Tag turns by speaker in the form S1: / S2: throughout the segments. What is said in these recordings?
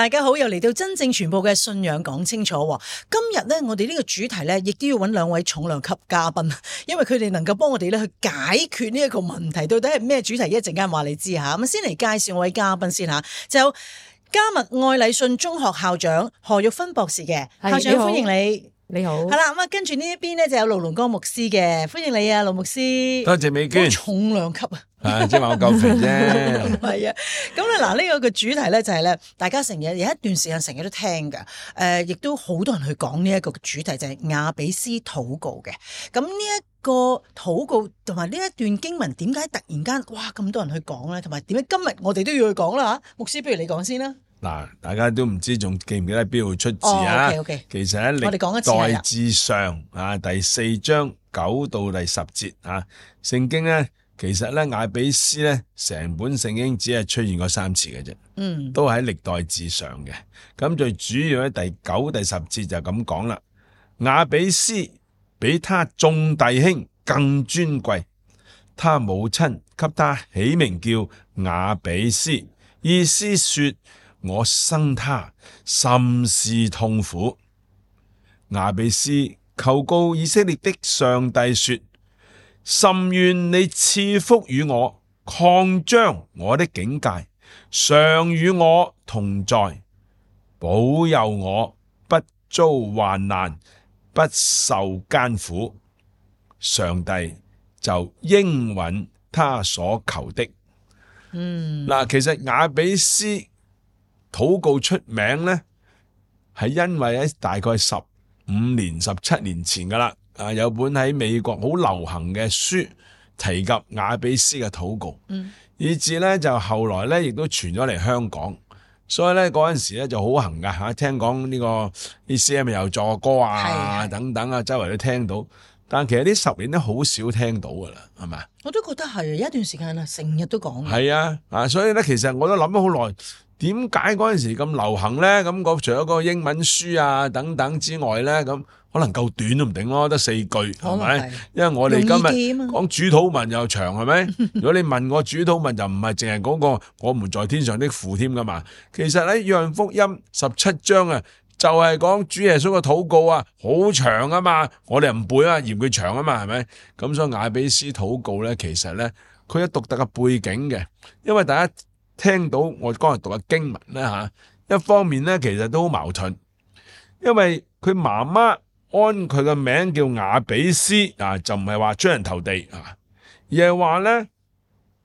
S1: 大家好，又嚟到真証傳播嘅信仰，講清楚。今日咧，我哋呢個主題咧，亦都要揾兩位重量級嘉賓，因為佢哋能夠幫我哋咧去解決呢一個問題，到底係咩主題？一陣間話你知吓。咁先嚟介紹我位嘉賓先吓，就迦密愛禮信中學校長何玉芬博士嘅校長，歡迎你。你好。係啦，咁啊，跟住呢一邊咧就有盧龍光牧師嘅，歡迎你啊，盧牧師。多謝美娟。重量級啊！
S2: 啊，即係話我夠肥啫，
S1: 係啊，咁咧嗱，呢個嘅主題咧就係咧，大家成日有一段時間成日都聽嘅，誒，亦都好多人去講呢一個主題，就係雅比斯禱告嘅。咁呢一個禱告同埋呢一段經文，點解突然間哇咁多人去講咧？同埋點解今日我哋都要去講啦？吓，牧師，不如你講先啦。
S2: 嗱，大家都唔知仲記唔記得喺邊度出自啊？O K，O K，其實喺《歷代志上》啊第四章九到第十節啊，聖經咧。其實咧，雅比斯咧，成本聖經只係出現過三次嘅啫，嗯、都喺歷代志上嘅。咁最主要喺第九、第十節就咁講啦。雅比斯比他眾弟兄更尊貴，他母親給他起名叫雅比斯，意思說我生他甚是痛苦。雅比斯求告以色列的上帝說。甚願你賜福與我，擴張我的境界，常與我同在，保佑我不遭患難，不受艱苦。上帝就應允他所求的。嗯，嗱，其實雅比斯禱告出名呢，係因為喺大概十五年、十七年前㗎喇。啊！有本喺美國好流行嘅書提及雅比斯嘅禱告，嗯、以至咧就後來咧亦都傳咗嚟香港，所以咧嗰陣時咧就好行噶嚇。聽講呢個啲 C M 又助歌啊的等等啊，周圍都聽到。但其實呢十年都好少聽到㗎啦，係咪？
S1: 我都覺得係，有一段時間啊，成日都講。係
S2: 啊，啊！所以咧，其實我都諗咗好耐。點解嗰陣時咁流行咧？咁嗰除咗嗰個英文書啊等等之外咧，咁可能夠短都唔定咯，得四句係咪？因為我哋今日講主禱文又長係咪？ 如果你問我主禱文就唔係淨係講個我們在天上的父添噶嘛？其實喺約翰福音十七章啊，就係、是、講主耶穌嘅禱告啊，好長啊嘛，我哋唔背啊嫌佢長啊嘛係咪？咁所以雅比斯禱告咧，其實咧佢有獨特嘅背景嘅，因為大家。聽到我剛才讀嘅經文咧嚇，一方面咧其實都好矛盾，因為佢媽媽安佢嘅名叫雅比斯啊，就唔係話出人頭地啊，而係話咧。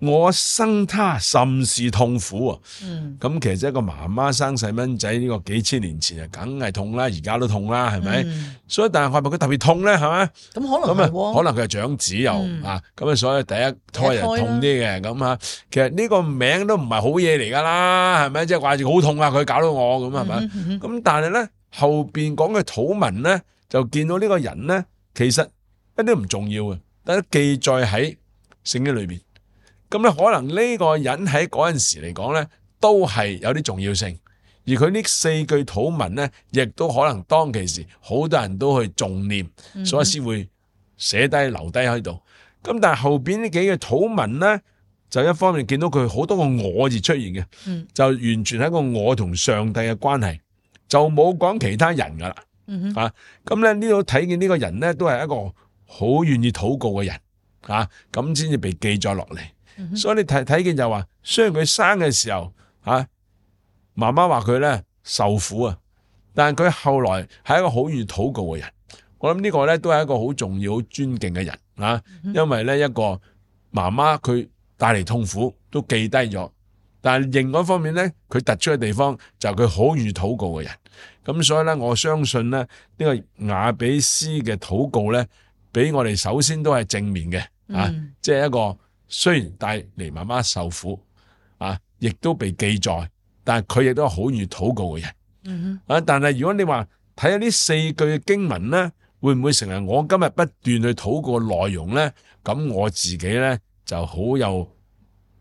S2: 我生他甚是痛苦啊！咁、嗯、其實一個媽媽生細蚊仔呢個幾千年前啊，梗係痛啦，而家都痛啦，係咪？嗯、所以但係我係咪佢特別痛咧？係咪？咁可能係喎？可能佢係、嗯、長子又啊，咁啊、嗯，所以第一胎又痛啲嘅咁啊。其實呢個名都唔係好嘢嚟㗎啦，係咪？即係掛住好痛啊！佢搞到我咁啊，係咪？咁、嗯、但係咧後邊講嘅土文咧，就見到呢個人咧，其實一啲唔重要嘅，但係記載喺聖經裏邊。咁咧，可能呢個人喺嗰陣時嚟講咧，都係有啲重要性。而佢呢四句禱文咧，亦都可能當其時好多人都去重念，嗯、哼所以先會寫低留低喺度。咁但係後邊呢幾句禱文咧，就一方面見到佢好多個我字出現嘅，嗯、就完全係一個我同上帝嘅關係，就冇講其他人噶啦嚇。咁咧、嗯哼啊嗯、呢度睇見呢個人咧，都係一個好願意禱告嘅人嚇，咁先至被記載落嚟。所以你睇睇見就話，雖然佢生嘅時候吓、啊，媽媽話佢咧受苦啊，但係佢後來係一個好願意禱告嘅人。我諗呢個咧都係一個好重要、好尊敬嘅人啊，因為咧一個媽媽佢帶嚟痛苦都記低咗，但係另一方面咧，佢突出嘅地方就係佢好易禱告嘅人。咁、啊、所以咧，我相信咧呢、這個雅比斯嘅禱告咧，俾我哋首先都係正面嘅啊，嗯、即係一個。雖然帶嚟媽媽受苦啊，亦都被記載，但係佢亦都好願意禱告嘅人。嗯、哼啊！但係如果你話睇下呢四句經文咧，會唔會成為我今日不斷去禱告嘅內容咧？咁我自己咧就好有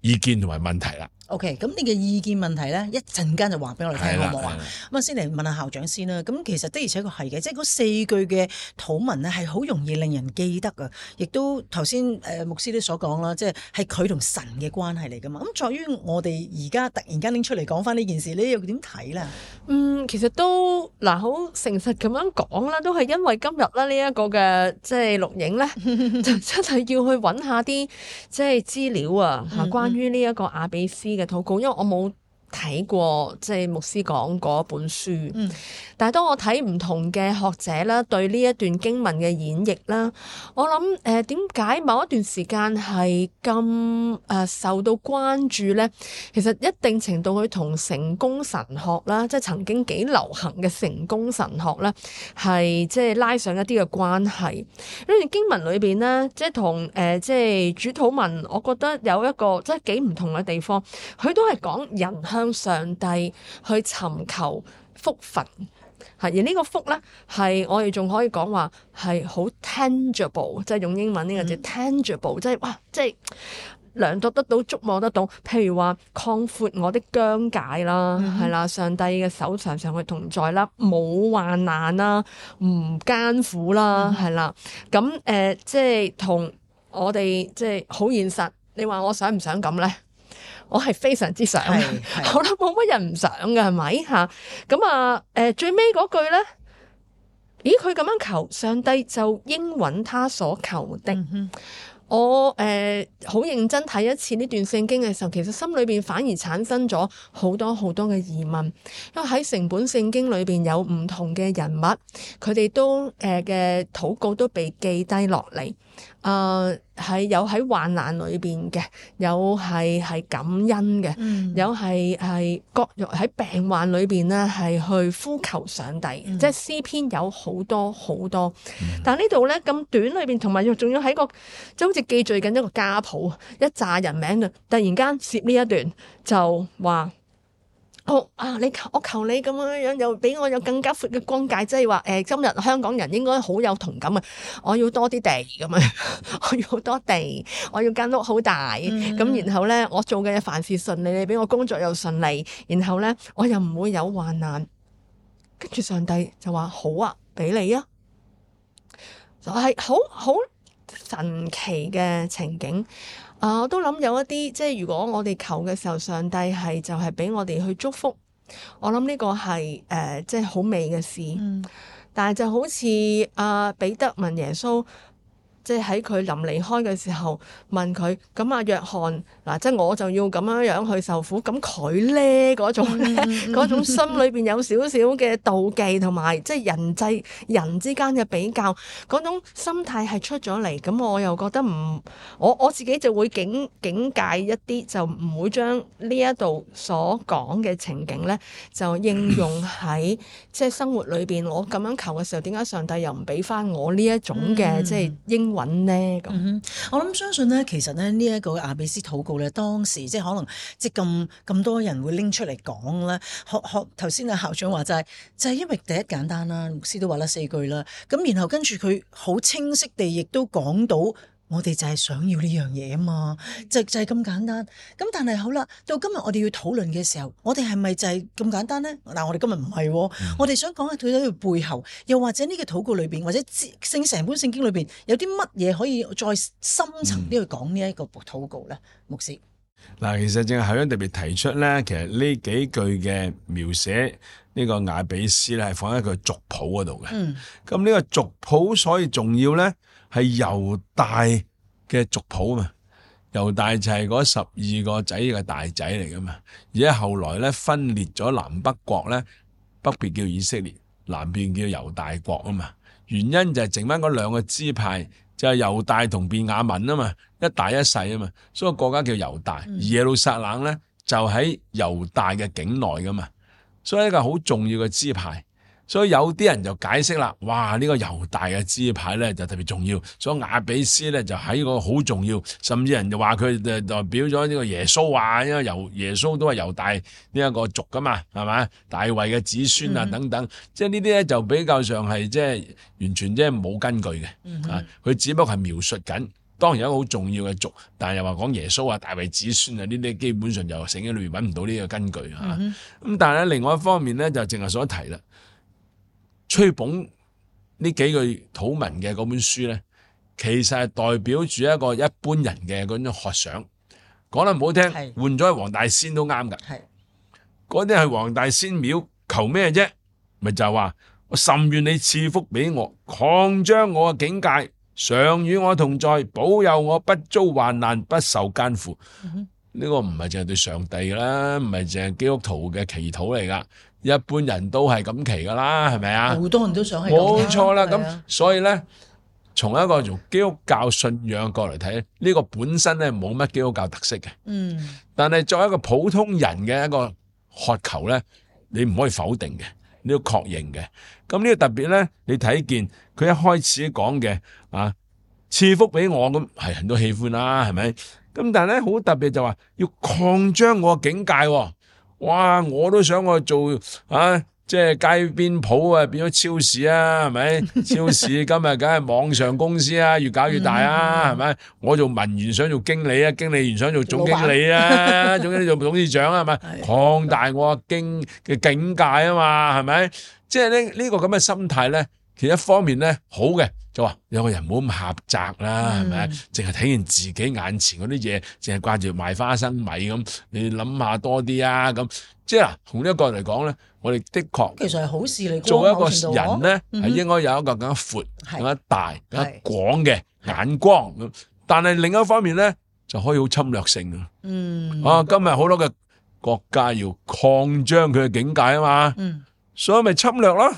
S2: 意見同埋問題啦。
S1: O.K. 咁你嘅意見問題咧，一陣間就話俾我哋聽的好唔好啊？咁啊先嚟問下校長先啦。咁其實的而且確係嘅，即係嗰四句嘅禱文咧，係好容易令人記得嘅。亦都頭先誒牧師都所講啦，即係係佢同神嘅關係嚟噶嘛。咁在於我哋而家突然間拎出嚟講翻呢件事，你又點睇咧？嗯，其實都嗱，
S3: 好誠實咁樣講啦，都係因為今日啦呢一個嘅即係錄影咧， 就真係要去揾下啲即係資料啊，係關於呢一個雅比斯嘅投稿，因為我冇，睇過即係牧師講嗰本書，嗯，但係當我睇唔同嘅學者啦，對呢一段經文嘅演繹啦，我諗，誒點解某一段時間係咁誒受到關注咧？其實一定程度佢同成功神學啦，即係曾經幾流行嘅成功神學咧，係即係拉上一啲嘅關係，呢段經文裏邊咧，即係同誒即係主禱文，我覺得有一個即係幾唔同嘅地方，佢都係講人。向上帝去尋求福份，係，而呢個福咧係我哋仲可以講話係好 tangible，即係用英文呢個字 tangible、嗯、即係哇，即係量度得到、觸摸得到。譬如話擴闊我的疆界啦，係、嗯、啦，上帝嘅手常常去同在、嗯、啦，冇患難啦，唔艱苦啦，係啦。咁誒，即係同我哋即係好現實。你話我想唔想咁咧？我係非常之想，係，我冇乜人唔想嘅，係咪吓？咁啊，誒、呃，最尾嗰句咧，咦？佢咁樣求上帝就應允他所求的。嗯、哼我誒好、呃、認真睇一次呢段聖經嘅時候，其實心裏邊反而產生咗好多好多嘅疑問，因為喺成本聖經裏邊有唔同嘅人物，佢哋都誒嘅、呃、禱告都被記低落嚟。啊，係、呃、有喺患難裏邊嘅，有係係感恩嘅，嗯、有係係各若喺病患裏邊呢，係去呼求上帝，嗯、即係詩篇有好多好多。但係呢度咧咁短裏邊，同埋仲要喺個即係好似記敘緊一個家譜，一紮人名啊，突然間攝呢一段就話。我、哦、啊,你我求你咁樣樣，又俾我有更加闊嘅光界，即係話誒，今日香港人應該好有同感啊！我要多啲地咁啊， 我要好多地，我要間屋好大咁，mm hmm. 然後呢，我做嘅嘢凡事順利、利，你俾我工作又順利，然後呢，我又唔會有患難，跟住上帝就話好啊，俾你啊，就係、是、好好神奇嘅情景。啊！我都諗有一啲，即係如果我哋求嘅時候，上帝係就係俾我哋去祝福，我諗呢個係誒、呃，即係好美嘅事。嗯、但係就好似阿彼得問耶穌。即係喺佢臨離開嘅時候問佢，咁啊約翰嗱，即係我就要咁樣樣去受苦，咁佢咧嗰種咧，嗰種心裏邊有少少嘅妒忌同埋，即係人際人之間嘅比較嗰種心態係出咗嚟。咁我又覺得唔，我我自己就會警警戒一啲，就唔會將呢一度所講嘅情景咧，就應用喺即係生活裏邊我咁樣求嘅時候，點解
S1: 上帝又唔俾翻我呢一種嘅即係應。嗯揾咧咁，我諗相信咧，其實咧呢一個雅比斯禱告咧，當時即係可能即係咁咁多人會拎出嚟講啦。學學頭先啊校長話就係就係因為第一簡單啦，牧師都話啦四句啦，咁然後跟住佢好清晰地亦都講到。我哋就係想要呢樣嘢啊嘛，就就係咁簡單。咁但係好啦，到今日我哋要討論嘅時候，我哋係咪就係咁簡單咧？嗱、哦，嗯、我哋今日唔係，我哋想講下睇到佢背後，又或者呢個禱告裏邊，或者聖成本聖經裏邊有啲乜嘢可以再深層啲去講呢一個禱告咧？嗯、牧師，
S2: 嗱，其實正係喺度特別提出咧，其實呢幾句嘅描寫呢、這個雅比斯咧，係放喺佢族譜嗰度嘅。嗯。咁呢個族譜所以重要咧，係猶大嘅族譜啊嘛，猶大就係嗰十二個仔嘅大仔嚟噶嘛。而家後來咧分裂咗南北國咧，北邊叫以色列，南邊叫猶大國啊嘛。原因就係剩翻嗰兩個支派就係、是、猶大同便雅憫啊嘛，一大一細啊嘛，所以國家叫猶大。而耶路撒冷咧就喺猶大嘅境內噶嘛，所以一個好重要嘅支派。所以有啲人就解釋啦，哇！呢、這個猶大嘅支派咧就特別重要，所以亞比斯咧就喺個好重要，甚至人就話佢代表咗呢個耶穌啊，因為猶耶穌都係猶大呢一個族噶嘛，係咪？大衛嘅子孫啊等等，mm hmm. 即係呢啲咧就比較上係即係完全即係冇根據嘅，mm hmm. 啊！佢只不過係描述緊，當然有個好重要嘅族，但係又話講耶穌啊、大衛子孫啊呢啲，基本上就聖經裏面揾唔到呢個根據啊。咁、mm hmm. 但係咧，另外一方面咧就正如所提啦。吹捧呢幾句土文嘅嗰本書咧，其實係代表住一個一般人嘅嗰種學想。講得唔好聽，的換咗黃大仙都啱噶。嗰啲係黃大仙廟求咩啫？咪就係、是、話，我甚願你賜福俾我，擴張我嘅境界，常與我同在，保佑我不遭患難，不受艱苦。呢、嗯、哼個唔係淨係對上帝啦，唔係淨係基督徒嘅祈禱嚟噶。一般人都係咁期噶啦，係咪啊？好多人都想係咁。冇錯啦，咁、啊、所以咧，從一個從基督教信仰角度嚟睇，呢、這個本身咧冇乜基督教特色嘅。嗯。但係作為一個普通人嘅一個渴求咧，你唔可以否定嘅，你要確認嘅。咁呢個特別咧，你睇見佢一開始講嘅啊，賜福俾我咁係人都喜歡啦，係咪？咁但係咧好特別就話要擴張我嘅境界。哇！我都想我做啊，即係街邊鋪啊，變咗超市啊，係咪？ 超市今日梗係網上公司啊，越搞越大啊，係咪？我做文員想做經理啊，經理員想做總經理啊，老闆 總經理做董事長啊，係咪？擴大我經嘅境界啊嘛，係咪？即係呢呢個咁嘅心態咧，其實一方面咧好嘅。有個人唔好咁狹窄啦，係咪、嗯？淨係睇完自己眼前嗰啲嘢，淨係掛住賣花生米咁。你諗下多啲啊！咁即係啦，同呢一個人嚟講咧，我哋的確其
S1: 實係好事嚟。做一個人咧，係應
S2: 該有一個更加闊、嗯、哼更加大、更加廣嘅眼光。咁但係另一方面咧，就可以好侵略性嘅。嗯啊，今日好多嘅國家要擴張佢嘅境界啊嘛。嗯，所以咪侵略咯。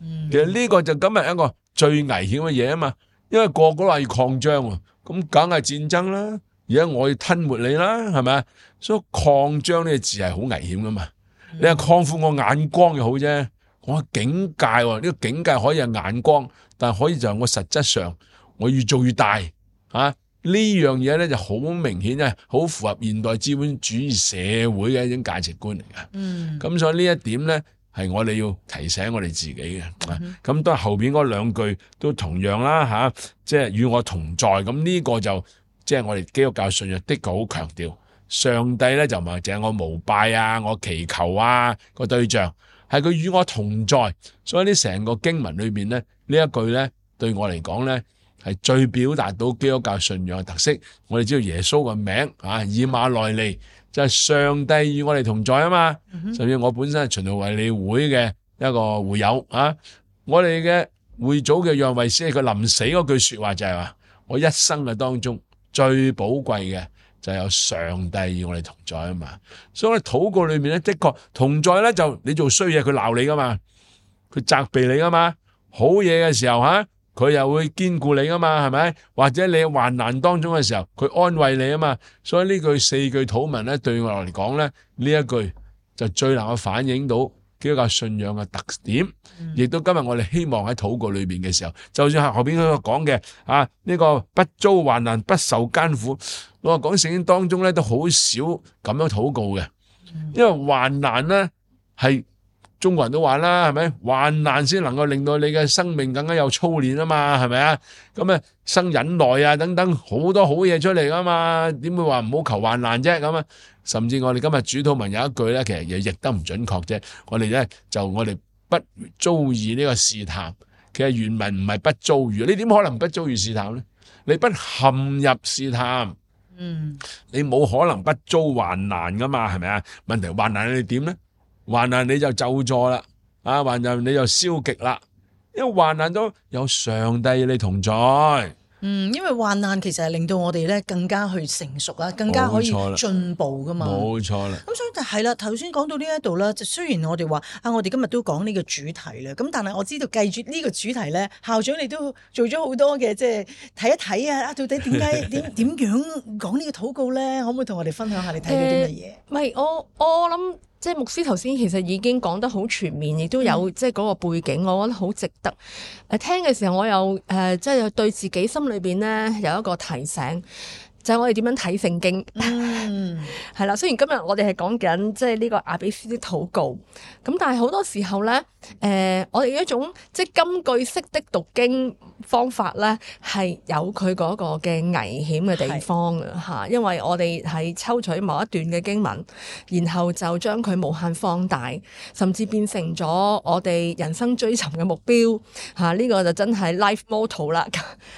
S2: 嗯，其實呢個就今日一個。最危險嘅嘢啊嘛，因為個個都要擴張，咁梗係戰爭啦，而家我要吞沒你啦，係咪啊？所以擴張呢個字係好危險噶嘛。嗯、你話擴闊我眼光又好啫，我境界呢，啊呢個境界可以係眼光，但係可以就係我實質上我越做越大啊。樣呢樣嘢咧就好明顯啊，好符合現代資本主義社會嘅一種價值觀嚟噶。嗯，咁所以呢一點咧。係我哋要提醒我哋自己嘅，咁都、mm hmm. 後邊嗰兩句都同樣啦吓，即係與我同在。咁呢個就即係我哋基督教信仰的確好強調，上帝咧就唔係淨係我膜拜啊，我祈求啊個對象係佢與我同在。所以呢成個經文裏邊咧，呢一句咧對我嚟講咧係最表達到基督教信仰嘅特色。我哋知道耶穌嘅名啊，以馬內利。就係上帝與我哋同在啊嘛，甚至我本身係循道衛理會嘅一個會友啊，我哋嘅會祖嘅衛斯理，佢臨死嗰句說話就係、是、話，我一生嘅當中最寶貴嘅就有上帝與我哋同在啊嘛，所以我喺禱告裏面咧，的確同在咧就你做衰嘢佢鬧你噶嘛，佢責備你噶嘛，好嘢嘅時候吓。啊佢又會兼顧你啊嘛，係咪？或者你患難當中嘅時候，佢安慰你啊嘛。所以呢句四句禱文咧，對我嚟講咧，呢一句就最能夠反映到基督信仰嘅特點，亦、嗯、都今日我哋希望喺禱告裏邊嘅時候，就算係後邊嗰個講嘅啊呢、這個不遭患難、不受艱苦，我講聖經當中咧都好少咁樣禱告嘅，因為患難咧係。中國人都話啦，係咪？患難先能夠令到你嘅生命更加有操練啊嘛，係咪啊？咁啊，生忍耐啊，等等好多好嘢出嚟㗎嘛。點會話唔好求患難啫？咁啊，甚至我哋今日主禱文有一句咧，其實亦亦都唔準確啫。我哋咧就我哋不遭遇呢個試探，其實原文唔係不遭遇，你點可能不遭遇試探咧？你不陷入試探，嗯，你冇可能不遭遇患難噶嘛？係咪啊？問題患難你點咧？患難你就走咗啦，啊患難你就消極啦，因為患難都有上帝你同在。嗯，
S1: 因為患難其實係令到我哋咧更加去成熟啊，更加可以進步噶嘛。冇錯啦。咁所以就係啦，頭先講到呢一度啦，就雖然我哋話啊，我哋今日都講呢個主題啦，咁但係我知道繼住呢個主題咧，校長你都做咗好多嘅，即係睇一睇啊，到底點解點點樣講呢個禱告咧？可唔可以同我哋分享下你睇到？你睇咗啲乜嘢？
S3: 唔係我我
S1: 諗。我即係牧師
S3: 頭先其實已經講得好全面，亦都有即係嗰個背景，我覺得好值得誒、呃、聽嘅時候，我有誒、呃、即係對自己心裏邊咧有一個提醒。就係我哋點樣睇聖經，係啦、嗯。 雖然今日我哋係講緊即係呢個雅比斯的禱告，咁但係好多時候咧，誒、呃、我哋一種即係金句式的讀經方法咧，係有佢個嘅危險嘅地方嘅吓，是因為我哋係抽取某一段嘅經文，然後就將佢無限放大，甚至變成咗我哋人生追尋嘅目標吓呢、啊這個就真係 life motto 啦。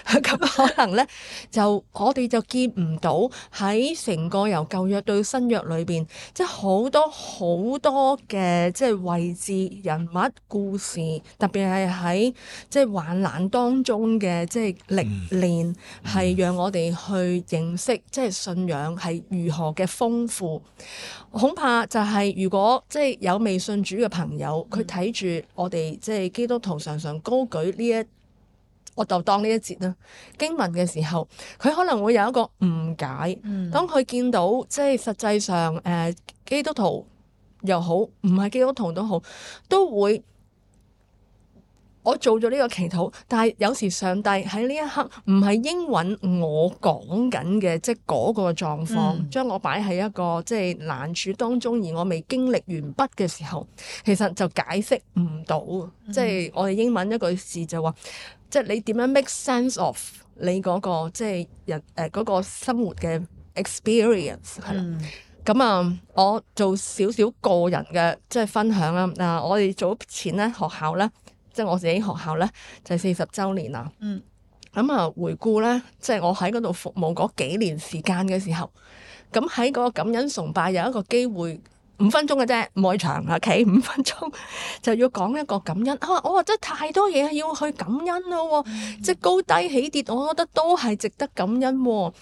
S3: 咁 可能咧，就我哋就見。 唔到喺成個由舊約到新約裏邊，即係好多好多嘅即係位置、人物、故事，特別係喺即係患難當中嘅即係歷練，係、嗯、讓我哋去認識即係信仰係如何嘅豐富。恐怕就係如果即係有未信主嘅朋友，佢睇住我哋即係基督徒常常高舉呢一我就當呢一節啦，經文嘅時候，佢可能會有一個誤解。嗯、當佢見到即係實際上誒、呃，基督徒又好，唔係基督徒都好，都會我做咗呢個祈禱，但係有時上帝喺呢一刻唔係應允我講緊嘅，即係嗰個狀況，嗯、將我擺喺一個即係、就是、難處當中，而我未經歷完畢嘅時候，其實就解釋唔到。即係、嗯、我哋英文一句詞、就是就話。即係你點樣 make sense of 你嗰、嗰個即係人誒、呃嗰個生活嘅 experience 係啦，嗯，咁啊我做少少個人嘅即係分享啦。嗱、啊，我哋早前咧，學校咧，即係我自己學校咧就係四十周年啦。嗯，咁啊回顧咧，即係我喺嗰度服務嗰幾年時間嘅時候，咁喺嗰個感恩崇拜有一個機會。五分鐘嘅啫，唔可以長啊！企五分鐘 就要講一個感恩啊！我、哦、話真係太多嘢要去感恩咯，嗯、即係高低起跌，我覺得都係值得感恩。咁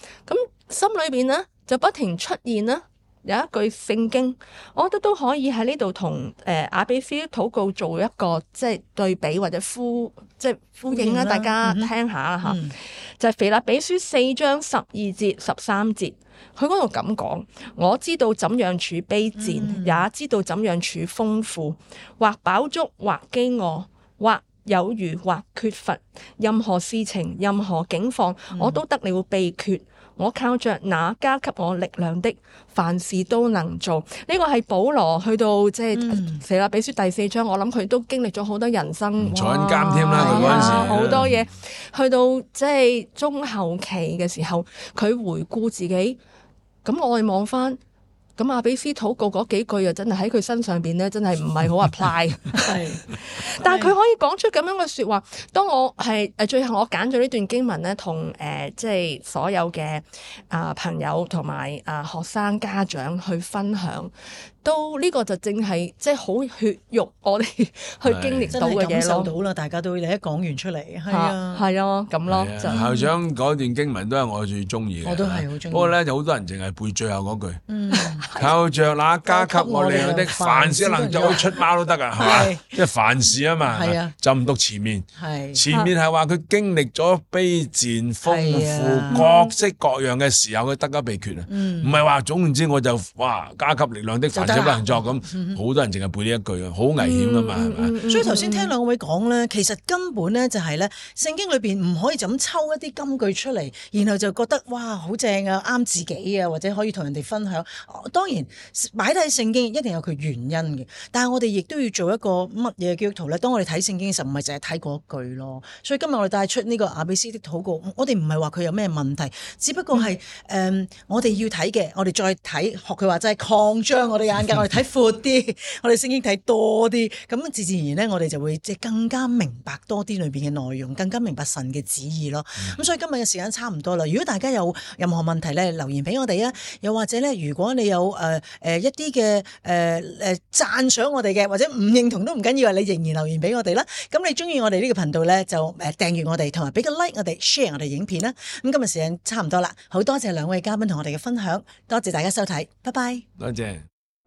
S3: 心裏邊呢，就不停出現啦，有一句聖經，我覺得都可以喺呢度同誒雅比斯禱告做一個即係對比或者呼即係呼應啦，嗯、大家聽下啦吓，嗯嗯、就係腓立比書四章十二節十三節。佢嗰度咁講，我知道怎樣處卑賤，也知道怎樣處豐富，或飽足，或飢餓，或有餘，或缺乏，任何事情，任何境況，我都得了秘訣。我靠着那加給我力量的，凡事都能做。呢、呢個係保羅去到即係寫《腓立比書》第四章，我諗佢都經歷咗好多人生坐緊監添啦。佢嗰陣時好多嘢，去到即係中後期嘅時候，佢回顧自己。咁我哋望翻。咁雅比斯禱告嗰幾句又真係喺佢身上邊咧，真係唔係好 apply。係，但係佢可以講出咁樣嘅説話。當我係誒最後，我揀咗呢段經文咧，同誒、呃、即係所有嘅啊、呃、朋友同埋啊學生家長去分享。都呢個就正係
S1: 即係好血肉，我哋去經歷到嘅嘢到啦，大家都你一講完出嚟，係啊，
S3: 係啊，咁咯。校長
S2: 嗰段經文都係我最中意嘅，我都係好中意。不過咧，就好多人淨係背最後嗰句，靠着那加給我力量的凡事能做出貓都得噶，係嘛？因為凡事啊嘛，就唔讀前面，前面係話佢經歷咗卑賤、豐富各式各樣嘅時候，佢得咗秘訣啊，唔係話總言之我就哇加給力量的凡。作咁，好、 嗯、多人淨係背呢一句啊，好危險㗎嘛，嗯、吧所以頭先
S1: 聽兩位講咧，其實根本咧就係、是、咧，聖經裏邊唔可以就咁抽一啲金句出嚟，然後就覺得哇好正啊，啱自己啊，或者可以同人哋分享。當然擺低聖經一定有佢原因嘅，但係我哋亦都要做一個乜嘢基督徒咧？當我哋睇聖經嘅時候，唔係淨係睇嗰句咯。所以今日我哋帶出呢、這個雅比斯的禱告，我哋唔係話佢有咩問題，只不過係誒我哋要睇嘅，我哋再睇學佢話齋擴張我哋 我哋睇闊啲，我哋先至睇多啲，咁自自然然咧，我哋就會即係更加明白多啲裏邊嘅內容，更加明白神嘅旨意咯。咁、嗯、所以今日嘅時間差唔多啦。如果大家有任何問題咧，留言俾我哋啊，又或者咧，如果你有誒誒一啲嘅誒誒讚賞我哋嘅，或者唔認同都唔緊要啊，你仍然留言俾我哋啦。咁你中意我哋呢個頻道咧，就誒訂閱我哋，同埋俾個 like 我哋，share 我哋影片啦。咁今日時間差唔多啦，好多謝兩位嘉賓同我哋嘅分享，多謝大家收睇，拜拜，
S2: 多謝。